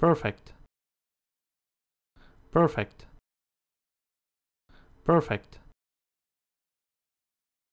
perfect perfect perfect